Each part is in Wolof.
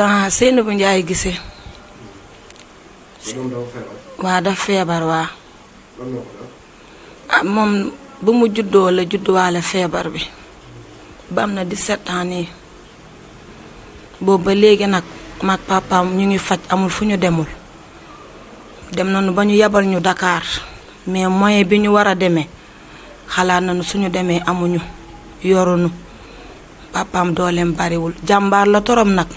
temps Seynabou Ndiaye gisee. waa def feebar ah, waa. moom bu mu juddoo la judduwaale feebar bi ba am na 17 ans nii boobu ba léegi nag mag papaam ñu ngi faj amul fu ñu demul dem nanu ba ñu yebal ñu Dakar mais moyen bi ñu war a demee xalaat nañu suñu demee amuñu yorunu papaam dooleem bariwul jàmbaar la torom nag.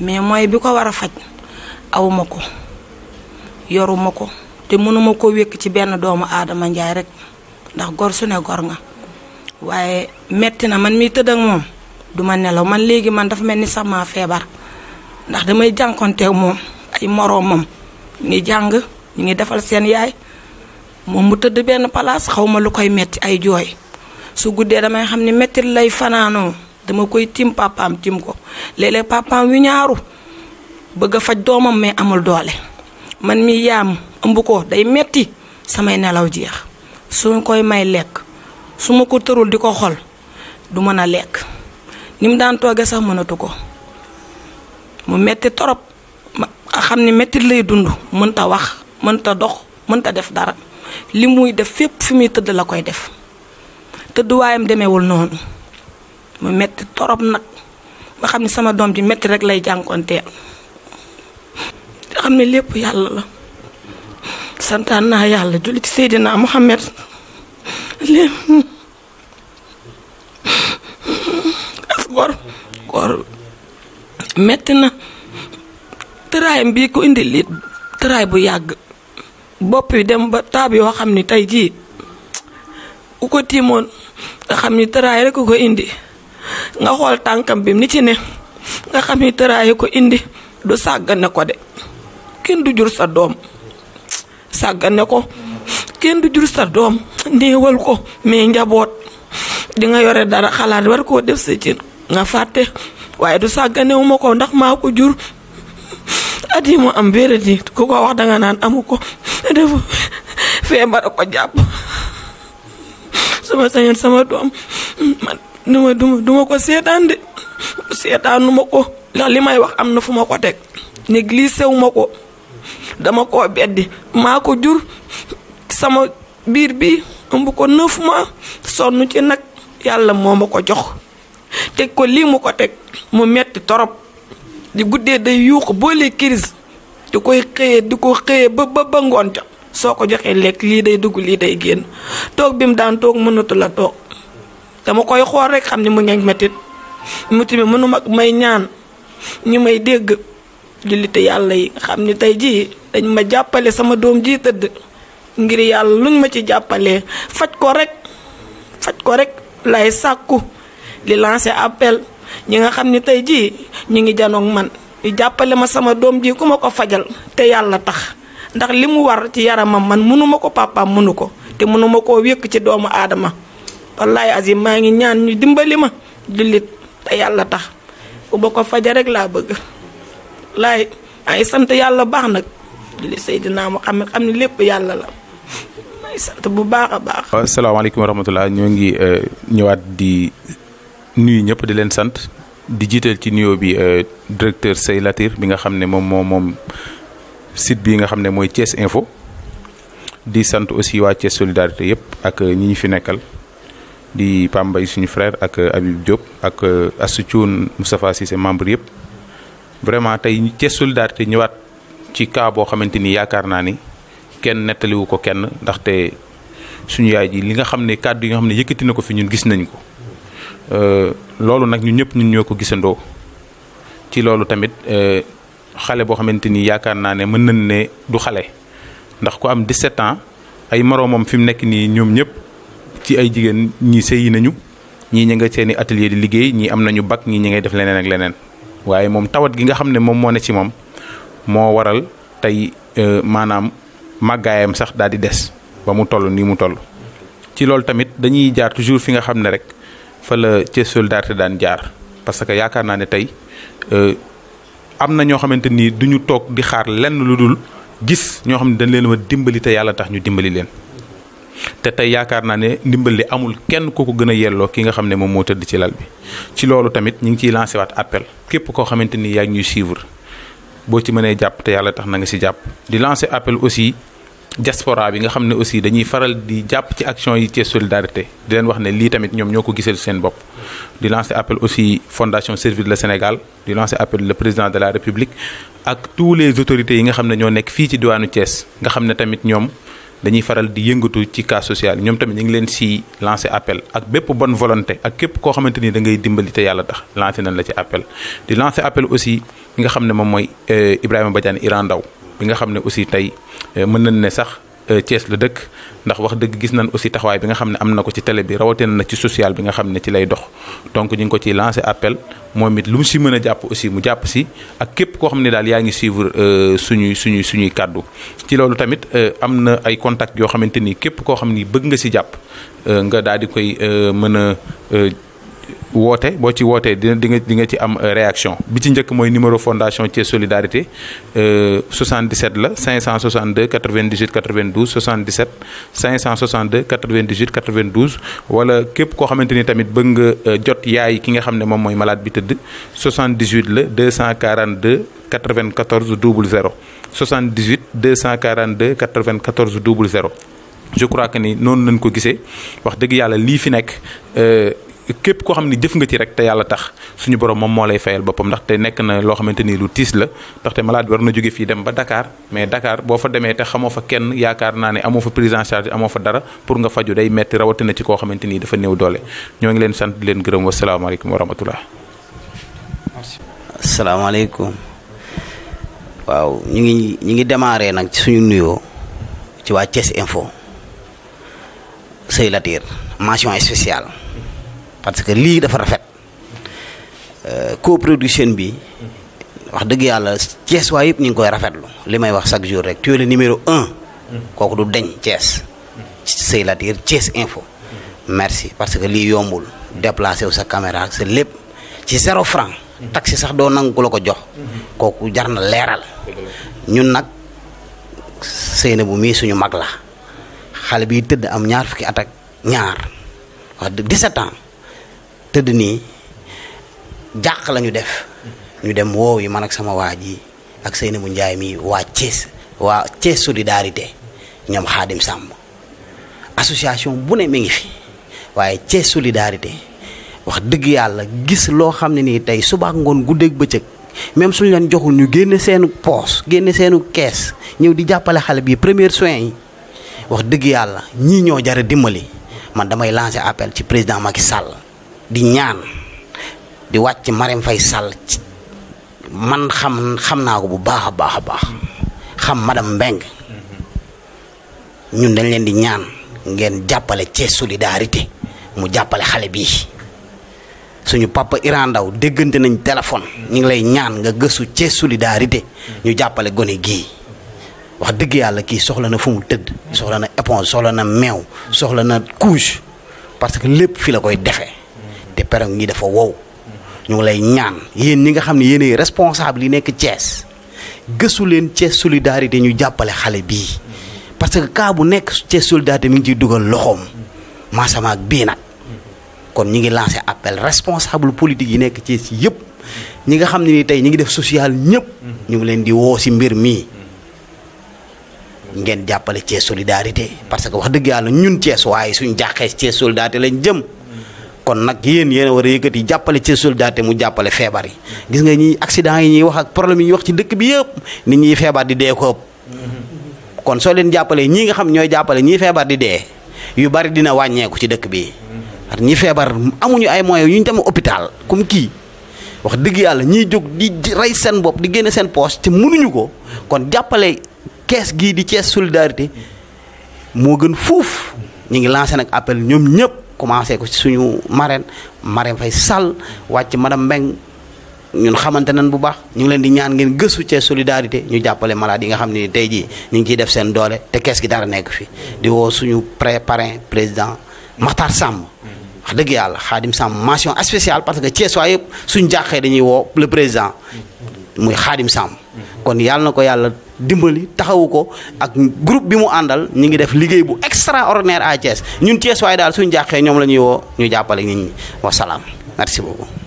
mais mooy bi ko war a faj awma ko yoruma ko te mënuma koo wékk ci benn doomu aadama njaay rek ndax gor su ne gor nga waaye metti na man mi tëdd ak moom du ma nelaw man léegi man dafa mel ni sama feebar ndax damay jànkonteeg moom ay moroomam ñu ngi jàng ñu ngi defal seen yaay moom mu tëdd benn palaas xawma lu koy metti ay jooy su guddee damay xam ni mettit lay fanaanoo dama koy tim papaam tim ko léeg-léeg papaam wi ñaaru bëgg a faj doomam mais amul doole man mi yaam ëmb ko day metti samay nelaw jeex su ma koy may lekk su ma ko tërul di ko xol du mën a lekk ni mu daan tooge sax mënatu ko mu metti torop ma xam ni metti lay dund mënta wax mënta dox mënta def dara li muy def fépp fi muy tëdd la koy def waayam demewul noonu mu metti torop nag nga xam ne sama doom ji metti rek lay jànkonteel te lépp yàlla santaan naa yàlla julli ci Seydina metti na tëraayam bii ko indi lii tëraay bu yàgg bopp bi dem ba taab yoo xam ni tey jii ku ko tiimoon nga xam ni tëraay rek ku ko indi nga xool tànkam bi ni ci ne nga xam ni tëraayu ko indi du ne ko de kenn du jur sa doom sàggane ko kenn du jur sa doom néewal ko mais njaboot di nga yore dara xalaat war koo def sa cin nga fàtte waaye du sàgganewu ma ko ndax maa ko jur at yi mu am vérité ku ko wax danga naan amu ko def feebar a ko jàpp sama ma sama doom man ma duma duma ko seetaan de ma ko ndax li may wax am na fu ma ko teg négligé wu ma ko dama ko beddi maa ko jur sama biir bi ëmb ko fu ma sonn ci nag yàlla moo ma ko jox teg ko lii mu ko teg mu metti torop di guddee day yuuxu boole kiris di koy xëyee di ko xëyee ba ba ba ngoon ja soo ko joxee lekk lii day dugg lii day génn toog bi mu daan toog mënatu toog dama koy xool rek xam ne mu ngeeg métit métit bi mënu mag may ñaan ñu may dégg jullite yàlla yi xam ne tey jii dañ ma jàppale sama doom ji tëdd ngir yàlla luñ ma ci jàppalee faj ko rek faj ko rek lay sàkku di lancer appel ñi nga xam ne tey jii ñu ngi janoog man jàppale ma sama doom ji ku ma ko fajal te yàlla tax ndax li mu war ci yaramam man mënuma ko papaam mënu ko te mënuma koo wékk ci doomu aadama wallaay yi maa ngi ñaan ñu dimbali ma jullit te yàlla tax uba ko faja rek laa bëgg laay maa sant yàlla baax nag jullit Seydina Muhammad xam ne lépp yàlla la maa sant bu baax a baax. waaw salaamaaleykum wa ñoo ngi euh, ñëwaat di nuyu ñëpp di leen sant di jiital ci nuyo bi euh, directeur Sey Latir bi nga xam ne moom moom moom site bi nga xam ne mooy Thiès Info di sant aussi waa Thiès Solidarité yëpp ak euh, ñi ñu fi nekkal. di mbay suñu frère ak euh, Habib Diop ak euh, Assou Thioune Moustapha Cissé membre yëpp vraiment tey Thiès solidarité ñëwaat ci cas boo xamante ni yaakaar naa ni kenn nettaliwu ko kenn ndaxte suñu yaay ji li nga xam ne kàddu yi nga xam ne yëkkati na ko fi ñun gis nañ ko euh, loolu nag ñu ñëpp ñun ñoo ko gisandoo ci loolu tamit xale boo xamante ni yaakaar naa ne mën nañ ne du xale ndax ku am 17 ans ay moroomam fi mu nekk nii ñoom ñëpp. ci ay jigéen ñi sëyi nañu ñii ñi nga seeni atelier di liggéey ñii am nañu bac ñii ñi ngay def leneen ak leneen waaye moom tawat gi nga xam ne moom moo ne ci moom moo waral tey euh, maanaam màggaayam sax daal di des ba mu toll nii mu toll ci loolu tamit dañuy jaar toujours fi nga xam ne rek fa la Thiès Solidarité daan jaar parce que yaakaar naa ne tey euh, am na ñoo xamante ni duñu toog di xaar lenn lu dul gis ñoo xam ne dañu leen ma dimbali te yàlla tax ñu dimbali leen te tey yaakaar naa ne ndimbal li amul kenn ku ko gën a yelloo ki nga xam ne moom moo tëdd ci lal bi ci loolu tamit ñu ngi ciy lancé waat appel képp koo xamante ni yaa ngi ñuy suivre boo ci mënee jàpp te yàlla tax na nga si jàpp di lancé appel aussi diaspora bi nga xam ne aussi dañuy faral di jàpp ci action yi ci solidarité di leen wax ne lii tamit ñoom ñoo ko gisal seen bopp di lancer appel aussi fondation Servir le Sénégal di lancer appel le président de la République ak tous les autorités yi nga xam ne ñoo nekk fii ci diwaanu Thiès nga xam ne tamit ñoom dañuy faral di yëngatu ci cas social ñoom tamit ñu ngi leen si lancé appel ak bépp bon volonté ak képp koo xamante ni da ngay dimbali te yàlla tax lancé nañ la ci appel di lancé appel aussi nga xam ne moom mooy euh, Ibrahima Badiane Iran Ndaw bi nga xam ne aussi tey euh, mën nañ ne sax Euh, Thiès la dëkk ndax wax dëgg gis nañ aussi taxawaay bi nga xam ne am na ko ci tele bi rawatina na ci social bi nga xam ne ci lay dox donc ñu ngi ko ciy lancé appel moom it lu mu si mën a jàpp aussi mu jàpp si ak képp koo xam ne daal yaa ngi suivre suñuy euh, suñuy suñuy kàddu ci loolu tamit euh, am na ay contact yoo xamante ni képp koo xam nii bëgg nga si jàpp nga daal di koy mën a woote boo ci wootee dina di nga di nga ci am euh, réaction bi ci njëkk mooy numéro fondation Thiès Solidarité 77 euh, la 562 98 92 77 562 98 92 wala képp koo xamante ni tamit bëgg nga euh, jot yaay ki nga xam ne moom mooy malade bi tëdd 78 la 242 94 00 78 242 94 00 je crois que ni noonu lañ ko gisee wax dëgg yàlla lii fi nekk. képp koo xam ne jëf nga ci rek te yàlla tax suñu borom moom moo lay fayal boppam ndaxte nekk na loo xamante ni lu tiis la ndaxte malade war na jóge fii dem ba dakaar mais dakaar boo fa demee te xamoo fa kenn yaakaar naa ne amoo fa prise en charge amoo fa dara pour nga faju day metti rawatina ci koo xamante ni dafa néew doole ñoo ngi leen sant leen gërëm wasalaamaaleykum wa rahmatullah. waaw ñu ngi ñu ngi démarré nag ci suñu nuyoo ci waa Thiès Info Sey Latir mention spéciale. parce que lii dafa rafet euh, coproduction bi wax dëgg yàlla cees waa yëpp ñu ngi koy rafetlu li may wax chaque jour rek tu es numéro un. kooku du deñ Thiès. c'est la dire Thiès info. merci parce que lii yombul déplacé wu sa caméra ak sa lépp ci zéro franc. taxi sax doo nangu ku la ko jox. kooku jar na leeral. ñun nag Seyna bu mii suñu mag la xale bi tëdd am ñaar fukki at ak ñaar wax dëgg 17 ans. tëdd nii jàq lañu def ñu dem woow yi man ak sama waa ji ak Seynabou njaay mi waa Thiès waa Thiès solidarité ñoom xaadim sàmm association bu ne mi ngi fi waaye Thiès solidarité wax dëgg yàlla gis loo xam ne nii tey subaak ngoon guddeeg bëccëg même suñu leen joxul ñu génne seenu poos génne seenu kees ñëw di jàppale xale bii première soin yi wax dëgg yàlla ñii ñoo jara dimbali man damay lancer appel ci président Macky Sall di ñaan di wàcc Marème Faye Sall man xam xam naa ko bu baax a baax a baax xam madame Mbengue ñun dañ leen di ñaan ngeen jàppale ci solidarité mu jàppale xale bii suñu papa Iran Ndaw déggante nañ téléphone ñu ngi lay ñaan nga gëstu ci solidarité ñu jàppale gone gii wax dëgg yàlla kii soxla na fu mu tëdd soxla na éponge soxla na meew soxla na couche parce que lépp fi la koy defee te perong yi dafa wow ñu ngi lay ñaan yéen ñi nga xam ne yéenay responsable yi nekk Thiès gëstu leen Thiès solidarité ñu jàppale xale bi parce que cas bu nekk Thiès solidarité mi ngi ciy dugal loxoom maasama ak bii nag kon ñi ngi lancé appel responsable politique yi nekk Thiès yëpp ñi nga xam ne ni tey ñi ngi def social ñëpp ñu ngi leen di woo si mbir mii ngeen jàppale Thiès solidarité parce que wax dëgg yàlla ñun Thiès waaye suñ jàqee Thiès solidarité lañ jëm kon nag yéen yéen a war a yëkkati jàppale ci soldat mu jàppale feebar yi gis nga ñi accident yi ñuy wax ak problème yi ñuy wax ci dëkk bi yëpp ni ñi feebar di dee ko ëpp kon soo leen jàppalee ñii nga xam ñooy jàppale ñii feebar di dee yu bari dina wàññeeku ci dëkk bi at ñi feebar amuñu ay moyens yu ñu dem hôpital comme kii wax dëgg yàlla ñiy jóg di rey seen bopp di génne seen poche te mënuñu ko kon jàppale kees gii di Thiès solidarité moo gën fuuf ñu ngi lancé nag appel ñoom ñëpp commencé ko suñu marraine marraine fay sal wàcc madame Mbeng ñun xamante nañ bu baax ñu ngi leen di ñaan ngeen gëstu ci solidarité ñu jàppale malade di nga xam ne ni tey jii ñu ngi ciy def seen doole te kees gi dara nekk fi di woo suñu pré parrain président Makhtar sàmm wax dëgg yàlla Xaadim sàmm mention spéciale parce que Thiès waa suñ suñu jàqee dañuy woo le président muy Xaadim sàmm kon yàlla ko yàlla dimbali taxawu ko ak groupe bi mu àndal ñu ngi def liggéey bu extraordinaire à Thiès ñun Thiès waaye daal suñ jàqee ñoom la ñuy woo ñu jàppale nit ñi wasalaam merci beaucoup.